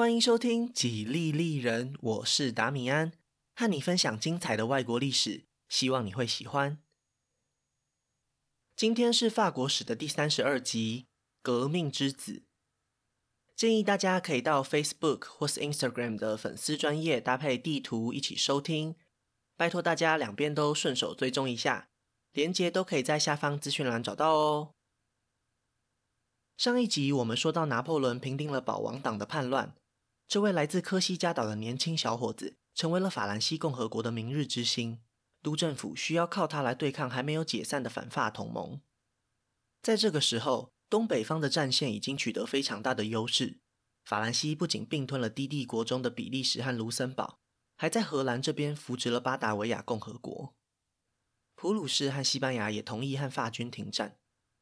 歡迎收聽《幾利利人》，我是達米安，和你分享精彩的外國歷史，希望你會喜歡。今天是法國史的第三十二集《革命之子》，建議大家可以到 Facebook 或是 Instagram 的粉絲專頁搭配地圖一起收聽，拜托大家兩邊都順手追蹤一下，連接都可以在下方資訊欄找到哦。上一集我們說到拿破崙平定了保王黨的叛亂。這位來自科西嘉島的年輕小伙子成為了法蘭西共和國的明日之星。督政府需要靠他來對抗還沒有解散的反法同盟。在這個時候，東北方的戰線已經取得非常大的優勢。法蘭西不僅並吞了低地國中的比利時和盧森堡，還在荷蘭這邊扶植了巴達維亞共和國。普魯士和西班牙也同意和法軍停戰。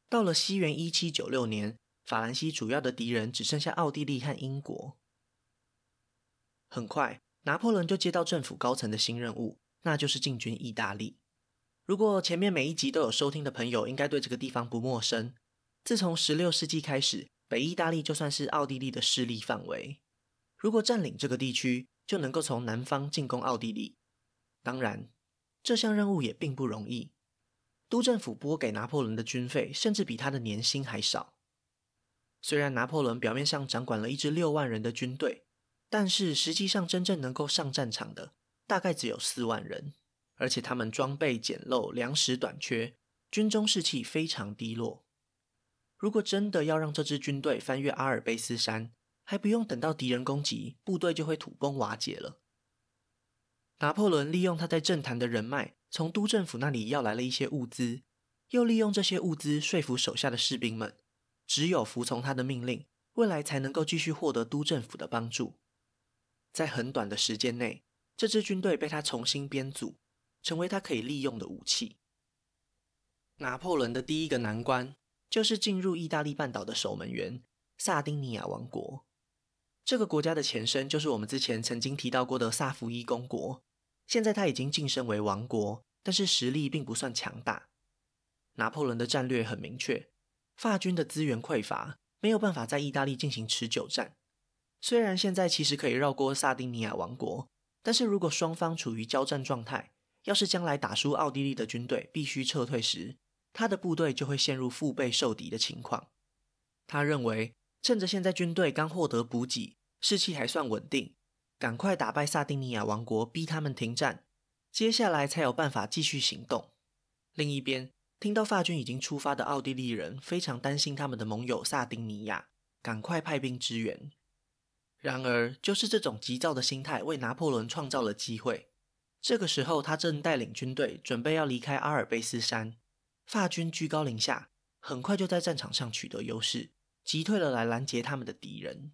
到了西元一七九六年，法蘭西主要的敵人只剩下奧地利和英國。很快，拿破崙就接到政府高層的新任務，那就是進軍意大利。如果前面每一集都有收聽的朋友，應該對這個地方不陌生。自從十六世紀開始，北意大利就算是奧地利的勢力範圍。如果占領這個地區，就能夠從南方進攻奧地利。當然，這項任務也並不容易。督政府撥給拿破崙的軍費甚至比他的年薪還少。雖然拿破崙表面上掌管了一支六萬人的軍隊。但是實際上，真正能夠上戰場的大概只有四萬人，而且他們裝備簡陋，糧食短缺，軍中士氣非常低落。如果真的要讓這支軍隊翻越阿爾卑斯山，還不用等到敵人攻擊，部隊就會土崩瓦解了。拿破崙利用他在政壇的人脈，從督政府那裡要來了一些物資，又利用這些物資說服手下的士兵們，只有服從他的命令，未來才能夠繼續獲得督政府的幫助。在很短的時間內，這支軍隊被他重新編組，成為他可以利用的武器。拿破崙的第一個難關就是進入意大利半島的守門員——薩丁尼亞王國。這個國家的前身就是我們之前曾經提到過的薩伏伊公國，現在他已經晉升為王國，但是實力並不算強大。拿破崙的戰略很明確：法軍的資源匱乏，沒有辦法在意大利進行持久戰。雖然現在其實可以繞過薩丁尼亞王國，但是如果雙方處於交戰狀態，要是將來打輸奧地利的軍隊必須撤退時，他的部隊就會陷入腹背受敵的情況。他認為，趁着現在軍隊剛獲得補給，士氣還算穩定，趕快打敗薩丁尼亞王國，逼他們停戰，接下來才有辦法繼續行動。另一邊，聽到法軍已經出發的奧地利人非常擔心他們的盟友薩丁尼亞，趕快派兵支援。然而，就是這種急躁的心態為拿破崙創造了機會。這個時候，他正帶領軍隊準備要離開阿爾卑斯山，法軍居高臨下，很快就在戰場上取得優勢，擊退了來攔截他們的敵人。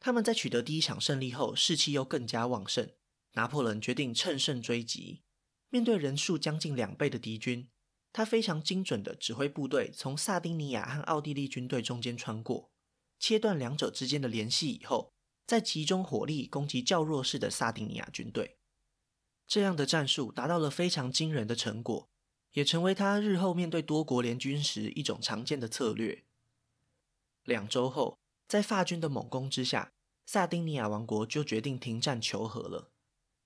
他們在取得第一場勝利後，士氣又更加旺盛。拿破崙決定乘勝追擊，面對人數將近兩倍的敵軍，他非常精準的指揮部隊從薩丁尼亞和奧地利軍隊中間穿過。切斷兩者之間的聯繫以後，再集中火力攻擊較弱勢的薩丁尼亞軍隊，這樣的戰術達到了非常驚人的成果，也成為他日後面對多國聯軍時一種常見的策略。兩週後，在法軍的猛攻之下，薩丁尼亞王國就決定停戰求和了。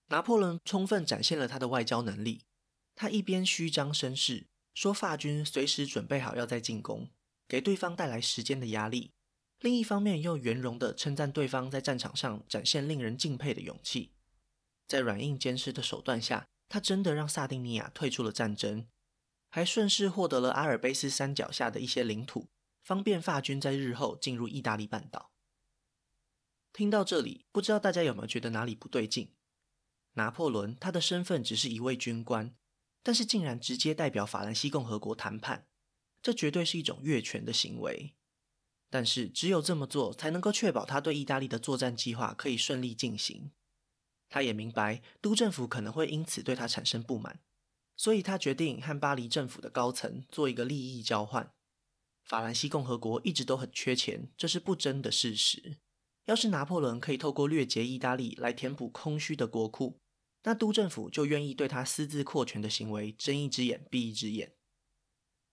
拿破崙充分展現了他的外交能力，他一邊虛張聲勢，說法軍隨時準備好要再進攻，給對方帶來時間的壓力。另一方面，又圓融地稱讚對方在戰場上展現令人敬佩的勇氣，在軟硬兼施的手段下，他真的讓薩丁尼亞退出了戰爭，還順勢獲得了阿爾卑斯山腳下的一些領土，方便法軍在日後進入意大利半島。聽到這裡，不知道大家有沒有覺得哪裡不對勁？拿破崙他的身份只是一位軍官，但是竟然直接代表法蘭西共和國談判，這絕對是一種越權的行為。但是，只有這麼做才能夠確保他對意大利的作戰計劃可以順利進行。他也明白，督政府可能會因此對他產生不滿，所以他決定和巴黎政府的高層做一個利益交換。法蘭西共和國一直都很缺錢，這是不爭的事實。要是拿破崙可以透過掠劫意大利來填補空虛的國庫，那督政府就願意對他私自擴權的行為睜一隻眼閉一隻眼。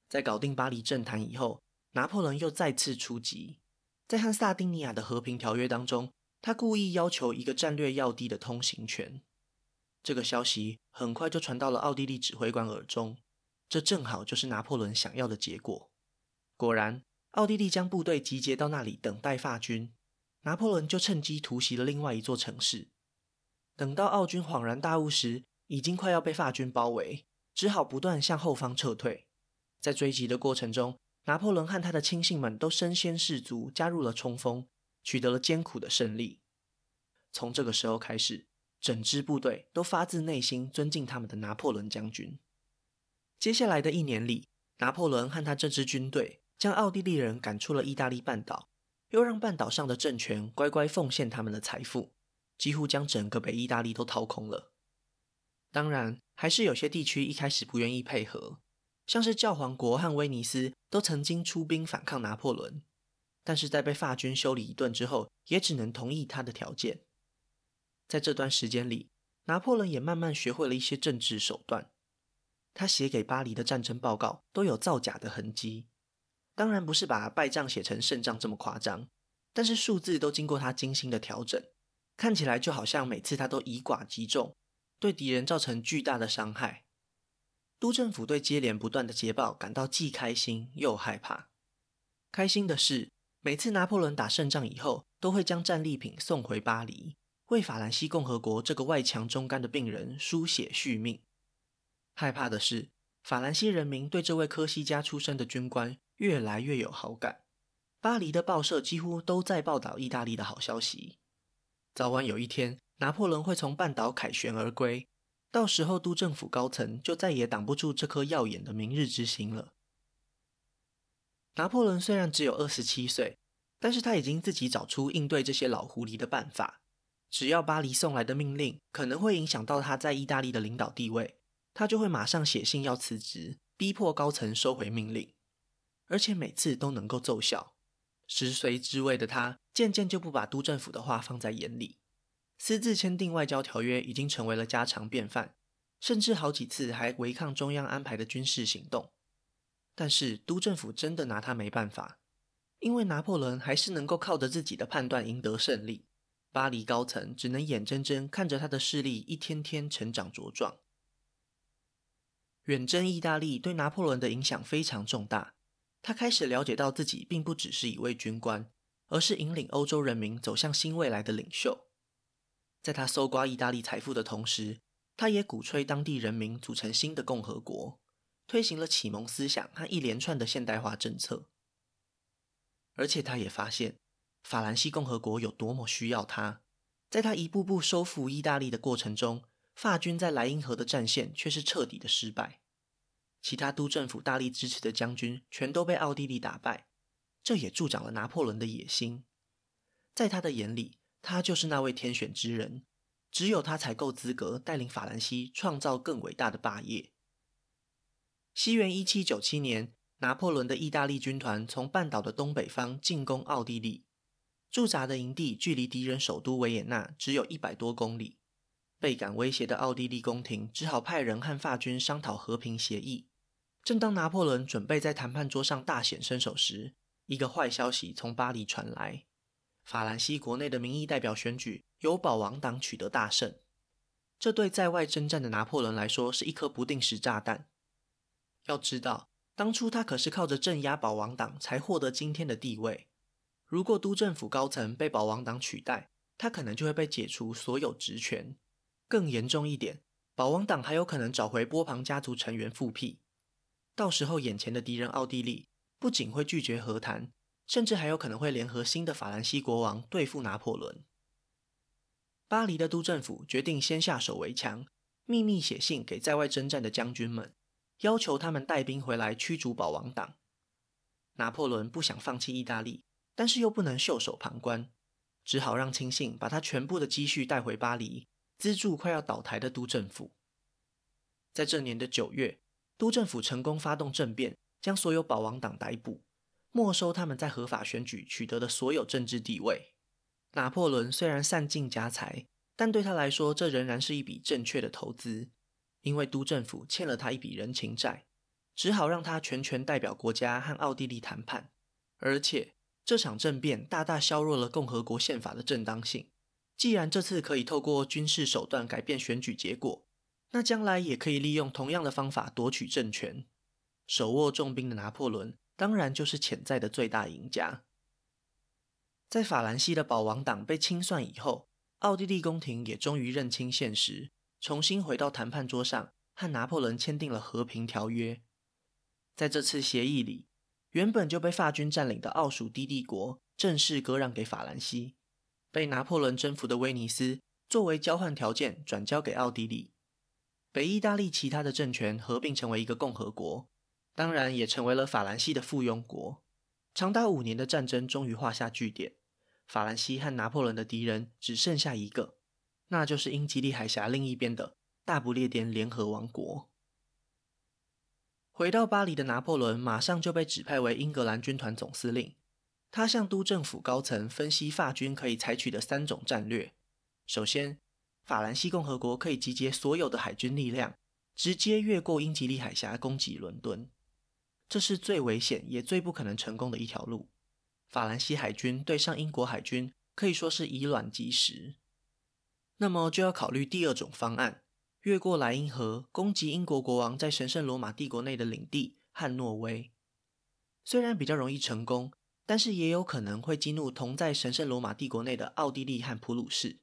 在搞定巴黎政壇以後。拿破崙又再次出擊，在和薩丁尼亞的和平條約當中，他故意要求一個戰略要地的通行權。這個消息很快就傳到了奧地利指揮官耳中，這正好就是拿破崙想要的結果。果然，奧地利將部隊集結到那裡等待法軍，拿破崙就趁機突襲了另外一座城市。等到奧軍恍然大悟時，已經快要被法軍包圍，只好不斷向後方撤退。在追擊的過程中，拿破崙和他的親信們都身先士卒，加入了衝鋒，取得了艱苦的勝利。從這個時候開始，整支部隊都發自內心尊敬他們的拿破崙將軍。接下來的一年裡，拿破崙和他這支軍隊將奧地利人趕出了意大利半島，又讓半島上的政權乖乖奉獻他們的財富，幾乎將整個北意大利都掏空了。當然，還是有些地區一開始不願意配合。像是教皇國和威尼斯都曾經出兵反抗拿破崙，但是在被法軍修理一頓之後，也只能同意他的條件。在這段時間裡，拿破崙也慢慢學會了一些政治手段。他寫給巴黎的戰爭報告都有造假的痕跡，當然不是把敗仗寫成勝仗這麼誇張，但是數字都經過他精心的調整，看起來就好像每次他都以寡擊眾，對敵人造成巨大的傷害。督政府對接連不斷的捷報感到既開心又害怕。開心的是，每次拿破崙打勝仗以後，都會將戰利品送回巴黎，為法蘭西共和國這個外強中乾的病人輸血續命。害怕的是，法蘭西人民對這位科西嘉出身的軍官越來越有好感，巴黎的報社幾乎都在報道意大利的好消息。早晚有一天，拿破崙會從半島凱旋而歸。到時候，督政府高層就再也擋不住這顆耀眼的明日之星了。拿破崙雖然只有二十七歲，但是他已經自己找出應對這些老狐狸的辦法。只要巴黎送來的命令可能會影響到他在意大利的領導地位，他就會馬上寫信要辭職，逼迫高層收回命令，而且每次都能夠奏效。食髓知味的他，漸漸就不把督政府的話放在眼裡。私自簽訂外交條約已經成為了家常便飯，甚至好幾次還違抗中央安排的軍事行動。但是，督政府真的拿他沒辦法，因為拿破崙還是能夠靠着自己的判斷贏得勝利。巴黎高層只能眼睜睜看着他的勢力一天天成長茁壯。遠征意大利對拿破崙的影響非常重大，他開始了解到自己並不只是一位軍官，而是引領歐洲人民走向新未來的領袖。在他搜刮意大利財富的同時，他也鼓吹當地人民組成新的共和國，推行了啟蒙思想和一連串的現代化政策。而且他也發現，法蘭西共和國有多麼需要他。在他一步步收復意大利的過程中，法軍在萊茵河的戰線卻是徹底的失敗。其他督政府大力支持的將軍全都被奧地利打敗，這也助長了拿破崙的野心。在他的眼裡，他就是那位天選之人，只有他才夠資格帶領法蘭西創造更偉大的霸業。西元一七九七年，拿破崙的意大利軍團從半島的東北方進攻奧地利，駐紮的營地距離敵人首都維也納只有一百多公里。倍感威脅的奧地利宮廷只好派人和法軍商討和平協議。正當拿破崙準備在談判桌上大顯身手時，一個壞消息從巴黎傳來。法蘭西國內的民意代表選舉由保王黨取得大勝，這對在外征戰的拿破崙來說是一顆不定時炸彈。要知道，當初他可是靠着鎮壓保王黨才獲得今天的地位。如果督政府高層被保王黨取代，他可能就會被解除所有職權。更嚴重一點，保王黨還有可能找回波旁家族成員復辟，到時候眼前的敵人奧地利不僅會拒絕和談。甚至還有可能會聯合新的法蘭西國王對付拿破崙。巴黎的督政府決定先下手為強，秘密寫信給在外征戰的將軍們，要求他們帶兵回來驅逐保王黨。拿破崙不想放棄意大利，但是又不能袖手旁觀，只好讓親信把他全部的積蓄帶回巴黎，資助快要倒台的督政府。在這年的九月，督政府成功發動政變，將所有保王黨逮捕。沒收他們在合法選舉取得的所有政治地位。拿破崙雖然散盡家財，但對他來說這仍然是一筆正確的投資，因為督政府欠了他一筆人情債，只好讓他全權代表國家和奧地利談判。而且這場政變大大削弱了共和國憲法的正當性。既然這次可以透過軍事手段改變選舉結果，那將來也可以利用同樣的方法奪取政權。手握重兵的拿破崙，當然，就是潛在的最大贏家。在法蘭西的保王黨被清算以後，奧地利宮廷也終於認清現實，重新回到談判桌上，和拿破崙簽訂了和平條約。在這次協議裡，原本就被法軍佔領的奧屬低地國正式割讓給法蘭西；被拿破崙征服的威尼斯，作為交換條件轉交給奧地利；北意大利其他的政權合併成為一個共和國。當然也成為了法蘭西的附庸國。長達五年的戰爭終於畫下句點。法蘭西和拿破崙的敵人只剩下一個，那就是英吉利海峽另一邊的大不列顛聯合王國。回到巴黎的拿破崙馬上就被指派為英格蘭軍團總司令。他向督政府高層分析法軍可以採取的三種戰略：首先，法蘭西共和國可以集結所有的海軍力量，直接越過英吉利海峽攻擊倫敦。這是最危險也最不可能成功的一條路。法蘭西海軍對上英國海軍，可以說是以卵擊石。那麼就要考慮第二種方案：越過萊茵河，攻擊英國國王在神聖羅馬帝國內的領地漢諾威。雖然比較容易成功，但是也有可能會激怒同在神聖羅馬帝國內的奧地利和普魯士。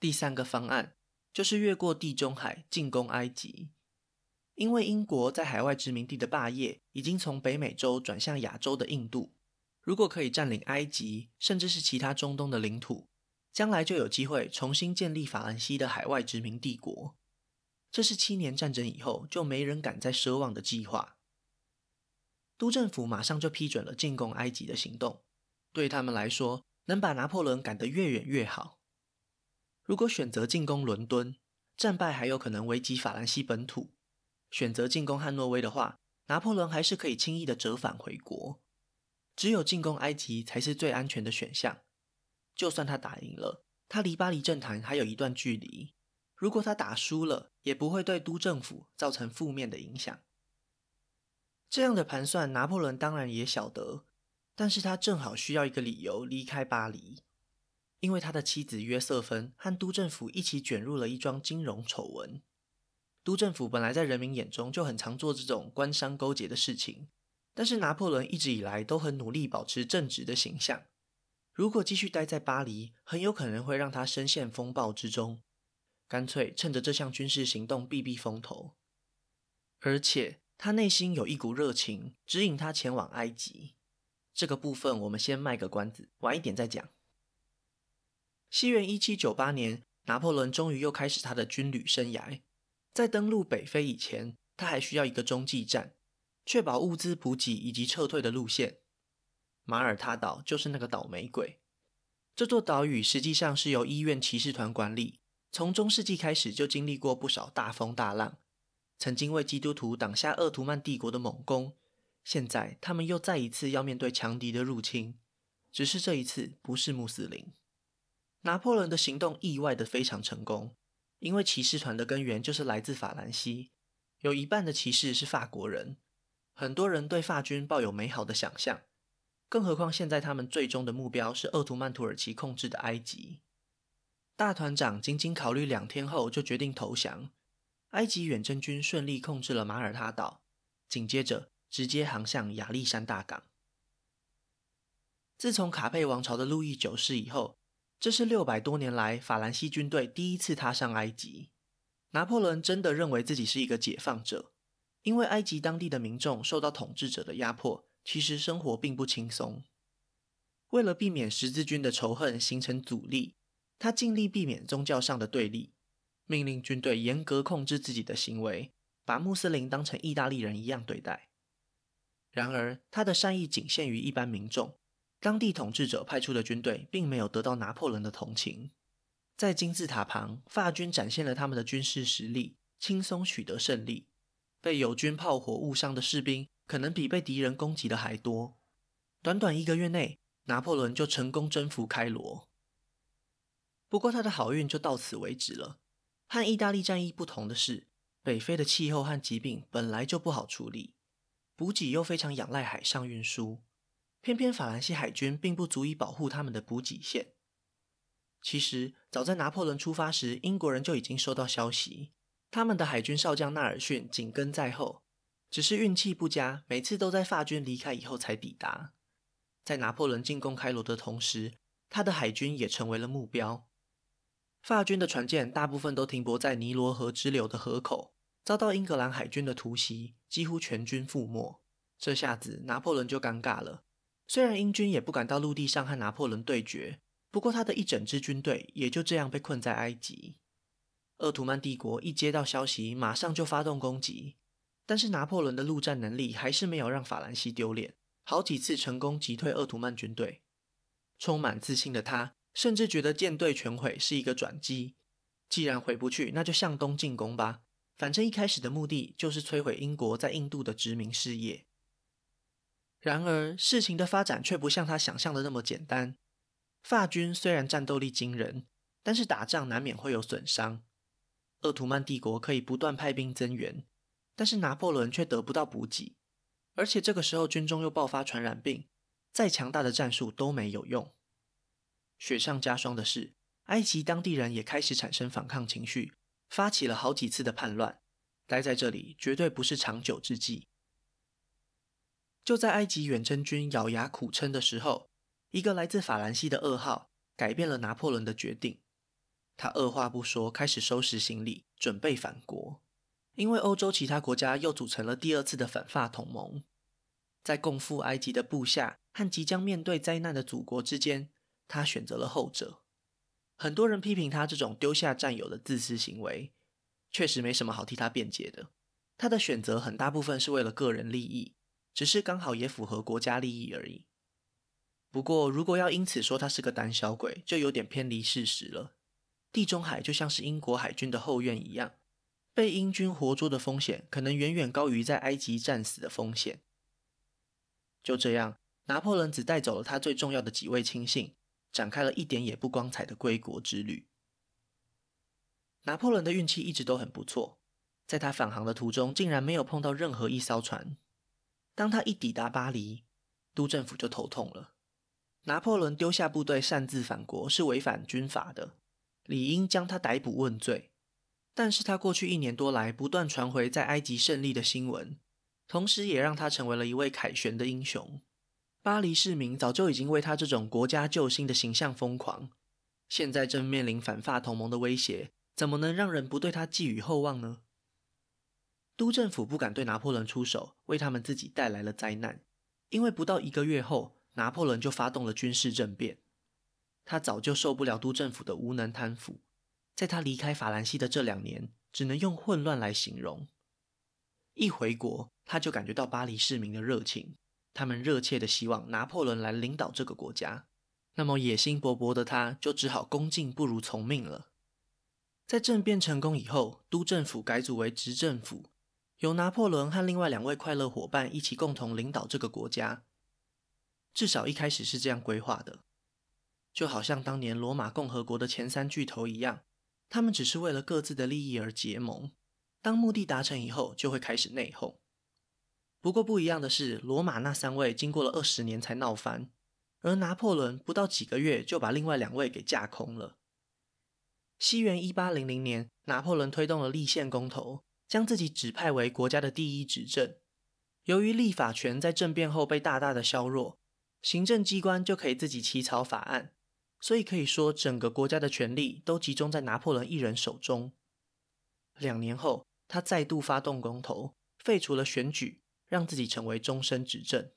第三個方案就是越過地中海，進攻埃及。因為英國在海外殖民地的霸業已經從北美洲轉向亞洲的印度，如果可以佔領埃及，甚至是其他中東的領土，將來就有機會重新建立法蘭西的海外殖民帝國。這是七年戰爭以後就沒人敢再奢望的計劃。督政府馬上就批准了進攻埃及的行動，對他們來說，能把拿破崙趕得越遠越好。如果選擇進攻倫敦，戰敗還有可能危及法蘭西本土。選擇進攻漢諾威的話，拿破崙還是可以輕易的折返回國。只有進攻埃及才是最安全的選項。就算他打贏了，他離巴黎政壇還有一段距離；如果他打輸了，也不會對督政府造成負面的影響。這樣的盤算，拿破崙當然也曉得，但是他正好需要一個理由離開巴黎，因為他的妻子約瑟芬和督政府一起捲入了一樁金融醜聞。督政府本來在人民眼中就很常做這種官商勾結的事情，但是拿破崙一直以來都很努力保持正直的形象。如果繼續待在巴黎，很有可能會讓他深陷風暴之中。乾脆趁着這項軍事行動避避風頭，而且他內心有一股熱情指引他前往埃及。這個部分我們先賣個關子，晚一點再講。西元一七九八年，拿破崙終於又開始他的軍旅生涯。在登陸北非以前，他還需要一個中繼站，確保物資補給以及撤退的路線。馬耳他島就是那個倒霉鬼。這座島嶼實際上是由醫院騎士團管理，從中世紀開始就經歷過不少大風大浪，曾經為基督徒擋下鄂圖曼帝國的猛攻。現在他們又再一次要面對強敵的入侵，只是這一次不是穆斯林。拿破崙的行動意外的非常成功。因為騎士團的根源就是來自法蘭西，有一半的騎士是法國人，很多人對法軍抱有美好的想象，更何況現在他們最終的目標是鄂圖曼土耳其控制的埃及。大團長僅僅考慮兩天後就決定投降，埃及遠征軍順利控制了馬耳他島，緊接着直接航向亞歷山大港。自從卡佩王朝的路易九世以後，這是六百多年來法蘭西軍隊第一次踏上埃及。拿破崙真的認為自己是一個解放者，因為埃及當地的民眾受到統治者的壓迫，其實生活並不輕鬆。為了避免十字軍的仇恨形成阻力，他盡力避免宗教上的對立，命令軍隊嚴格控制自己的行為，把穆斯林當成意大利人一樣對待。然而，他的善意僅限於一般民眾。當地統治者派出的軍隊並沒有得到拿破崙的同情。在金字塔旁，法軍展現了他們的軍事實力，輕鬆取得勝利。被友軍炮火誤傷的士兵可能比被敵人攻擊的還多。短短一個月內，拿破崙就成功征服開羅。不過他的好運就到此為止了。和意大利戰役不同的是，北非的氣候和疾病本來就不好處理，補給又非常仰賴海上運輸。偏偏法蘭西海軍並不足以保護他們的補給線。其實早在拿破崙出發時，英國人就已經收到消息，他們的海軍少將納爾遜緊跟在後，只是運氣不佳，每次都在法軍離開以後才抵達。在拿破崙進攻開羅的同時，他的海軍也成為了目標。法軍的船艦大部分都停泊在尼羅河支流的河口，遭到英格蘭海軍的突襲，幾乎全軍覆沒。這下子，拿破崙就尷尬了。雖然英軍也不敢到陸地上和拿破崙對決，不過他的一整支軍隊也就這樣被困在埃及。鄂圖曼帝國一接到消息，馬上就發動攻擊。但是拿破崙的陸戰能力還是沒有讓法蘭西丟臉，好幾次成功擊退鄂圖曼軍隊。充滿自信的他，甚至覺得艦隊全毀是一個轉機。既然回不去，那就向東進攻吧。反正一開始的目的就是摧毀英國在印度的殖民事業。然而，事情的發展卻不像他想象的那麼簡單。法軍雖然戰鬥力驚人，但是打仗難免會有損傷。鄂圖曼帝國可以不斷派兵增援，但是拿破崙卻得不到補給，而且這個時候軍中又爆發傳染病，再強大的戰術都沒有用。雪上加霜的是，埃及當地人也開始產生反抗情緒，發起了好幾次的叛亂。待在這裡絕對不是長久之計。就在埃及遠征軍咬牙苦撐的時候，一個來自法蘭西的噩耗改變了拿破崙的決定。他二話不說，開始收拾行李，準備返國。因為歐洲其他國家又組成了第二次的反法同盟，在共赴埃及的部下和即將面對災難的祖國之間，他選擇了後者。很多人批評他這種丟下戰友的自私行為，確實沒什麼好替他辯解的。他的選擇很大部分是為了個人利益。只是剛好也符合國家利益而已。不過，如果要因此說他是個膽小鬼，就有點偏離事實了。地中海就像是英國海軍的後院一樣，被英軍活捉的風險可能遠遠高於在埃及戰死的風險。就這樣，拿破崙只帶走了他最重要的幾位親信，展開了一點也不光彩的歸國之旅。拿破崙的運氣一直都很不錯，在他返航的途中，竟然沒有碰到任何一艘船。當他一抵達巴黎，督政府就頭痛了。拿破崙丟下部隊擅自返國是違反軍法的，理應將他逮捕問罪。但是他過去一年多來不斷傳回在埃及勝利的新聞，同時也讓他成為了一位凱旋的英雄。巴黎市民早就已經為他這種國家救星的形象瘋狂，現在正面臨反法同盟的威脅，怎麼能讓人不對他寄予厚望呢？督政府不敢對拿破崙出手，為他們自己帶來了災難，因為不到一個月後，拿破崙就發動了軍事政變。他早就受不了督政府的無能貪腐，在他離開法蘭西的這兩年，只能用混亂來形容。一回國，他就感覺到巴黎市民的熱情，他們熱切的希望拿破崙來領導這個國家。那麼野心勃勃的他，就只好恭敬不如從命了。在政變成功以後，督政府改組為執政府。由拿破崙和另外兩位快樂伙伴一起共同領導這個國家，至少一開始是這樣規劃的，就好像當年羅馬共和國的前三巨頭一樣，他們只是為了各自的利益而結盟，當目的達成以後就會開始內訌。不過不一樣的是，羅馬那三位經過了二十年才鬧翻，而拿破崙不到幾個月就把另外兩位給架空了。西元一八零零年，拿破崙推動了立憲公投。將自己指派為國家的第一執政。由於立法權在政變後被大大的削弱，行政機關就可以自己起草法案，所以可以說整個國家的權力都集中在拿破崙一人手中。兩年後，他再度發動公投，廢除了選舉，讓自己成為終身執政。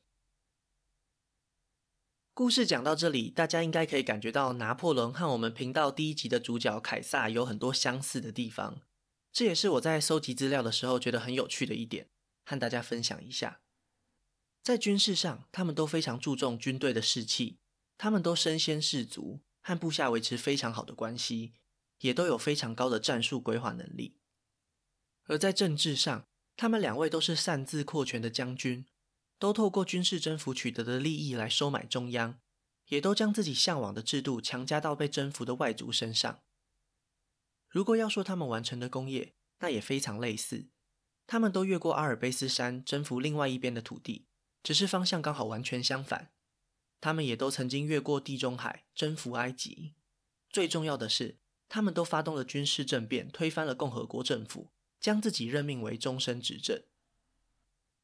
故事講到這裡，大家應該可以感覺到拿破崙和我們頻道第一集的主角凱撒有很多相似的地方。這也是我在蒐集資料的時候覺得很有趣的一點，和大家分享一下。在軍事上，他們都非常注重軍隊的士氣，他們都身先士卒，和部下維持非常好的關係，也都有非常高的戰術規劃能力。而在政治上，他們兩位都是擅自擴權的將軍，都透過軍事徵服取得的利益來收買中央，也都將自己向往的制度強加到被征服的外族身上。如果要說他們完成的功業，那也非常類似，他們都越過阿爾卑斯山，征服另外一邊的土地，只是方向剛好完全相反。他們也都曾經越過地中海，征服埃及。最重要的是，他們都發動了軍事政變，推翻了共和國政府，將自己任命為終身執政。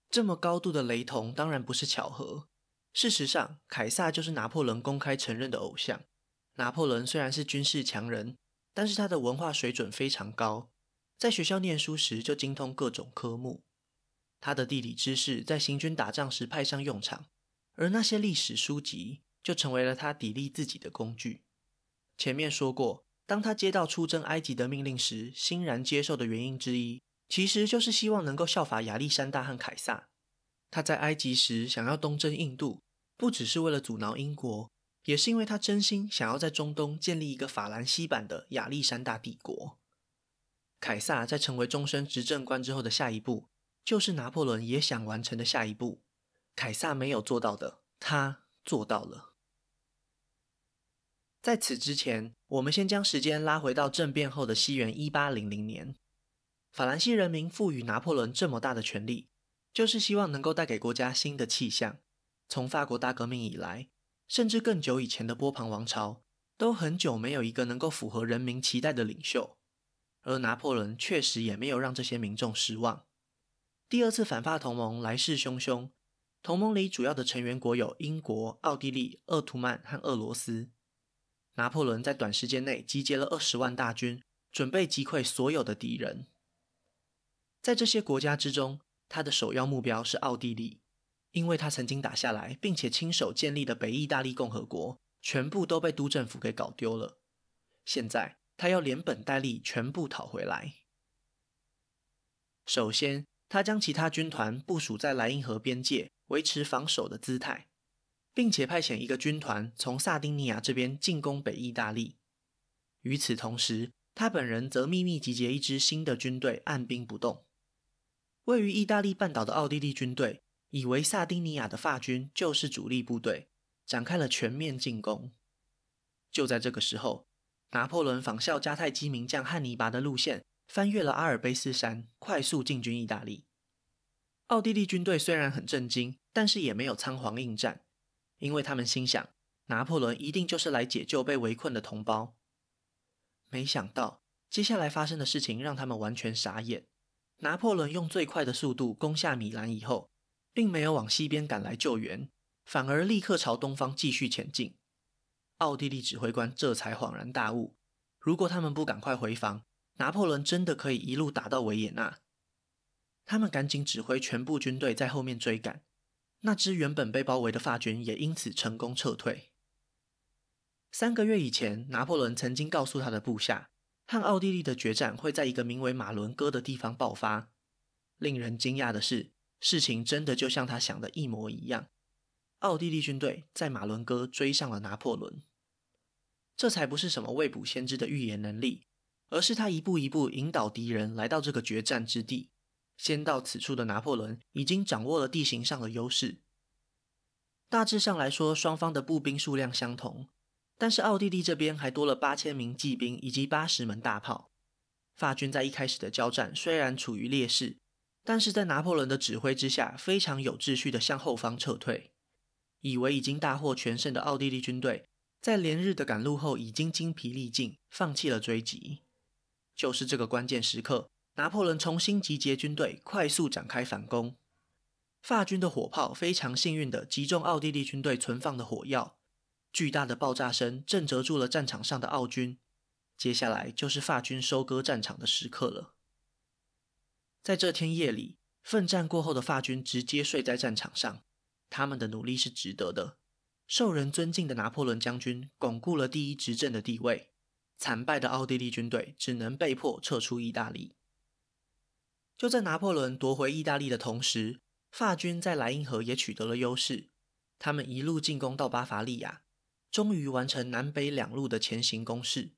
這麼高度的雷同，當然不是巧合。事實上，凱撒就是拿破崙公開承認的偶像。拿破崙雖然是軍事強人，但是他的文化水準非常高，在學校念書時就精通各種科目。他的地理知識在行軍打仗時派上用場，而那些歷史書籍就成為了他砥礪自己的工具。前面說過，當他接到出征埃及的命令時，欣然接受的原因之一，其實就是希望能夠效法亞歷山大和凱撒。他在埃及時想要東征印度，不只是為了阻撓英國。也是因為他真心想要在中東建立一個法蘭西版的亞歷山大帝國。凱撒在成為終身執政官之後的下一步，就是拿破崙也想完成的下一步。凱撒沒有做到的，他做到了。在此之前，我們先將時間拉回到政變後的西元一八零零年。法蘭西人民賦予拿破崙這麼大的權力，就是希望能夠帶給國家新的氣象。從法國大革命以來，甚至更久以前的波旁王朝都很久沒有一個能夠符合人民期待的領袖，而拿破崙確實也沒有讓這些民眾失望。第二次反法同盟來勢洶洶，同盟裡主要的成員國有英國、奧地利、鄂圖曼和俄羅斯。拿破崙在短時間內集結了二十萬大軍，準備擊潰所有的敵人。在這些國家之中，他的首要目標是奧地利。因為他曾經打下來並且親手建立的北意大利共和國，全部都被督政府給搞丟了。現在他要連本帶利全部討回來。首先，他將其他軍團部署在萊茵河邊界，維持防守的姿態，並且派遣一個軍團從薩丁尼亞這邊進攻北意大利。與此同時，他本人則祕密集結一支新的軍隊，按兵不動。位於意大利半島的奧地利軍隊以為薩丁尼亞的法軍就是主力部隊，展開了全面進攻。就在這個時候，拿破崙仿效迦太基名將漢尼拔的路線，翻越了阿爾卑斯山，快速進軍意大利。奧地利軍隊雖然很震驚，但是也沒有倉皇應戰，因為他們心想，拿破崙一定就是來解救被圍困的同胞。沒想到，接下來發生的事情讓他們完全傻眼。拿破崙用最快的速度攻下米蘭以後。並沒有往西邊趕來救援，反而立刻朝東方繼續前進。奧地利指揮官這才恍然大悟：如果他們不趕快回防，拿破崙真的可以一路打到維也納。他們趕緊指揮全部軍隊在後面追趕，那支原本被包圍的法軍也因此成功撤退。三個月以前，拿破崙曾經告訴他的部下，和奧地利的決戰會在一個名為馬倫哥的地方爆發。令人驚訝的是，事情真的就像他想的一模一樣，奧地利軍隊在馬倫哥追上了拿破侖，這才不是什麼未卜先知的預言能力，而是他一步一步引導敵人來到這個決戰之地。先到此處的拿破侖已經掌握了地形上的優勢。大致上來說，雙方的步兵數量相同，但是奧地利這邊還多了八千名騎兵以及八十門大炮。法軍在一開始的交戰雖然處於劣勢，但是在拿破崙的指揮之下，非常有秩序地向後方撤退。以為已經大獲全勝的奧地利軍隊，在連日的趕路後已經精疲力盡，放棄了追擊。就是這個關鍵時刻，拿破崙重新集結軍隊，快速展開反攻。法軍的火炮非常幸運地擊中奧地利軍隊存放的火藥，巨大的爆炸聲震懾住了戰場上的奧軍。接下來就是法軍收割戰場的時刻了。在這天夜裡，奮戰過後的法軍直接睡在戰場上。他們的努力是值得的。受人尊敬的拿破崙將軍鞏固了第一執政的地位。慘敗的奧地利軍隊只能被迫撤出意大利。就在拿破崙奪回意大利的同時，法軍在萊茵河也取得了優勢。他們一路進攻到巴伐利亞，終於完成南北兩路的鉗形攻勢。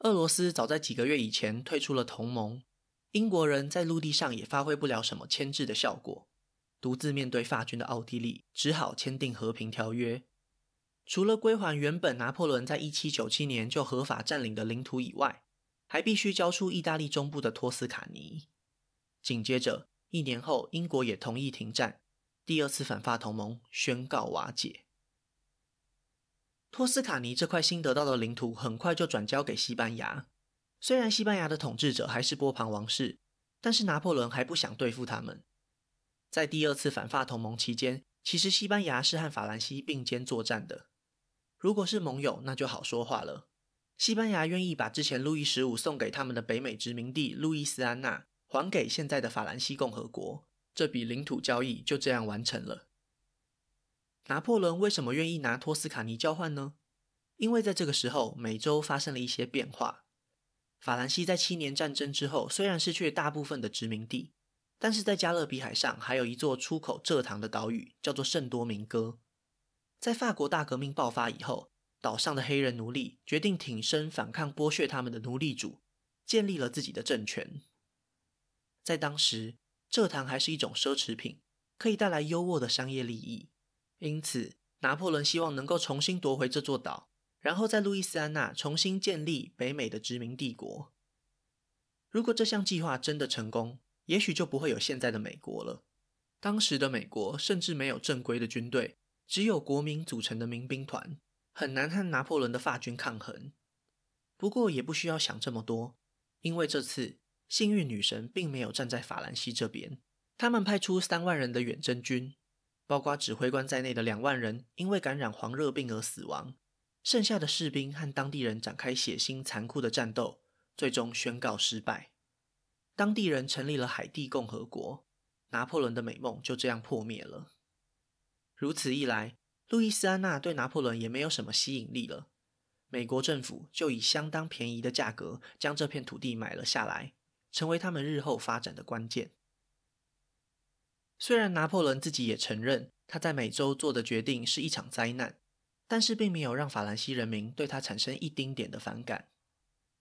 俄羅斯早在幾個月以前退出了同盟。英國人在陸地上也發揮不了什麼牽制的效果，獨自面對法軍的奧地利只好簽訂和平條約。除了歸還原本拿破崙在一七九七年就合法佔領的領土以外，還必須交出意大利中部的托斯卡尼。緊接着一年後，英國也同意停戰，第二次反法同盟宣告瓦解。托斯卡尼這塊新得到的領土很快就轉交給西班牙。雖然西班牙的統治者還是波旁王室，但是拿破崙還不想對付他們。在第二次反法同盟期間，其實西班牙是和法蘭西並肩作戰的。如果是盟友，那就好說話了。西班牙願意把之前路易十五送給他們的北美殖民地路易斯安那還給現在的法蘭西共和國，這筆領土交易就這樣完成了。拿破崙為什麼願意拿托斯卡尼交換呢？因為在這個時候，美洲發生了一些變化。法蘭西在七年戰爭之後，雖然失去了大部分的殖民地，但是在加勒比海上還有一座出口蔗糖的島嶼，叫做聖多明哥。在法國大革命爆發以後，島上的黑人奴隸決定挺身反抗剝削他們的奴隸主，建立了自己的政權。在當時，蔗糖還是一種奢侈品，可以帶來優渥的商業利益，因此拿破崙希望能夠重新奪回這座島。然後在路易斯安那重新建立北美的殖民帝國。如果這項計劃真的成功，也許就不會有現在的美國了。當時的美國甚至沒有正規的軍隊，只有國民組成的民兵團，很難和拿破崙的法軍抗衡。不過也不需要想這麼多，因為這次幸運女神並沒有站在法蘭西這邊。他們派出三萬人的遠征軍，包括指揮官在內的兩萬人因為感染黃熱病而死亡。剩下的士兵和當地人展開血腥殘酷的戰鬥，最終宣告失敗。當地人成立了海地共和國，拿破崙的美夢就這樣破滅了。如此一來，路易斯安娜對拿破崙也沒有什麼吸引力了。美國政府就以相當便宜的價格將這片土地買了下來，成為他們日後發展的關鍵。雖然拿破崙自己也承認，他在美洲做的決定是一場災難。但是並沒有讓法蘭西人民對他產生一丁點的反感。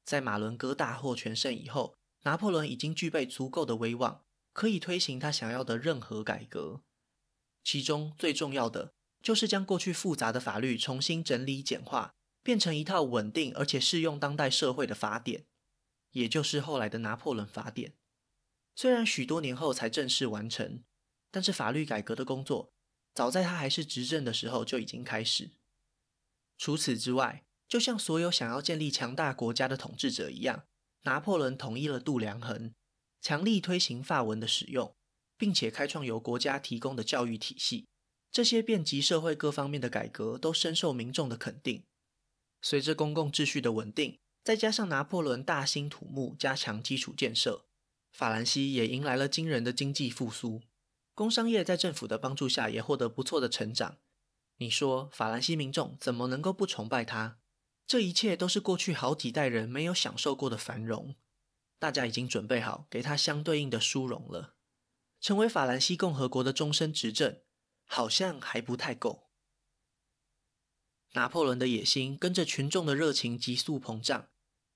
在馬倫哥大獲全勝以後，拿破崙已經具備足夠的威望，可以推行他想要的任何改革。其中最重要的就是將過去複雜的法律重新整理簡化，變成一套穩定而且適用當代社會的法典，也就是後來的拿破崙法典。雖然許多年後才正式完成，但是法律改革的工作早在他還是執政的時候就已經開始。除此之外，就像所有想要建立強大國家的統治者一樣，拿破崙統一了度量衡，強力推行法文的使用，並且開創由國家提供的教育體系。這些遍及社會各方面的改革都深受民眾的肯定。隨着公共秩序的穩定，再加上拿破崙大興土木加強基礎建設，法蘭西也迎來了驚人的經濟復甦。工商業在政府的幫助下也獲得不錯的成長。你說，法蘭西民眾怎麼能夠不崇拜他？這一切都是過去好幾代人沒有享受過的繁榮。大家已經準備好給他相對應的殊榮了。成為法蘭西共和國的終身執政，好像還不太夠。拿破崙的野心跟着群眾的熱情急速膨脹，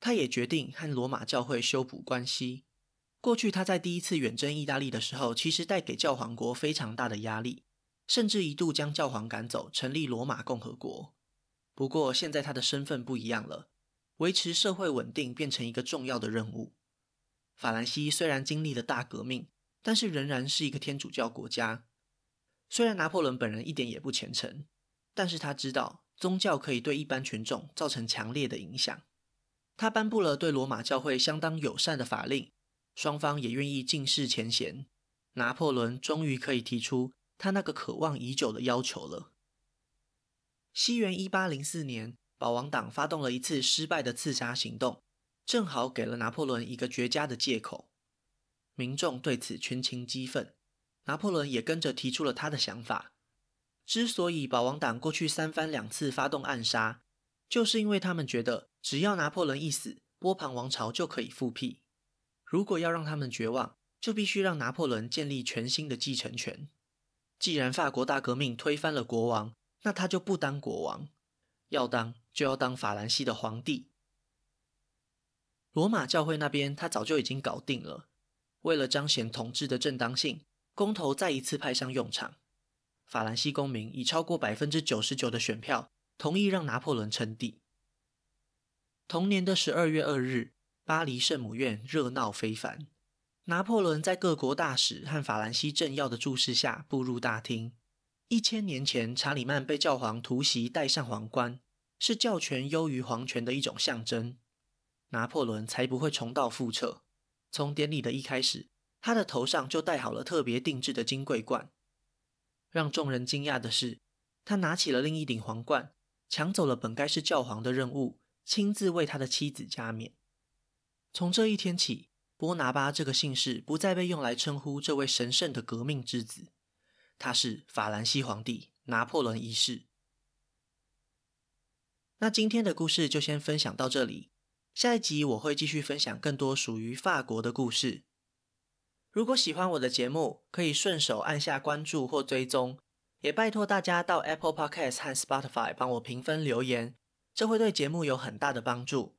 他也決定和羅馬教會修補關係。過去他在第一次遠征意大利的時候，其實帶給教皇國非常大的壓力。甚至一度將教皇趕走，成立羅馬共和國。不過現在他的身份不一樣了，維持社會穩定變成一個重要的任務。法蘭西雖然經歷了大革命，但是仍然是一個天主教國家。雖然拿破崙本人一點也不虔誠，但是他知道宗教可以對一般群眾造成強烈的影響。他頒布了對羅馬教會相當友善的法令，雙方也願意盡釋前嫌。拿破崙終於可以提出。他那個渴望已久的要求了。西元一八零四年，保王黨發動了一次失敗的刺殺行動，正好給了拿破崙一個絕佳的借口。民眾對此群情激憤，拿破崙也跟着提出了他的想法。之所以保王黨過去三番兩次發動暗殺，就是因為他們覺得只要拿破崙一死，波旁王朝就可以復辟。如果要讓他們絕望，就必須讓拿破崙建立全新的繼承權。既然法國大革命推翻了國王，那他就不當國王，要當就要當法蘭西的皇帝。羅馬教會那邊他早就已經搞定了。為了彰顯統治的正當性，公投再一次派上用場。法蘭西公民以超過百分之九十九的選票同意讓拿破崙稱帝。同年的十二月二日，巴黎聖母院熱鬧非凡。拿破崙在各國大使和法蘭西政要的注視下步入大廳。一千年前，查理曼被教皇突襲戴上皇冠，是教權優於皇權的一種象徵。拿破崙才不會重蹈覆轍。從典禮的一開始，他的頭上就戴好了特別定制的金桂冠。讓眾人驚訝的是，他拿起了另一頂皇冠，搶走了本該是教皇的任務，親自為他的妻子加冕。從這一天起，波拿巴這個姓氏不再被用來稱呼這位神聖的革命之子，他是法蘭西皇帝拿破崙一世。那今天的故事就先分享到這裡，下一集我會繼續分享更多屬於法國的故事。如果喜歡我的節目，可以順手按下關注或追蹤，也拜託大家到 Apple Podcast 和 Spotify 幫我評分留言，這會對節目有很大的幫助。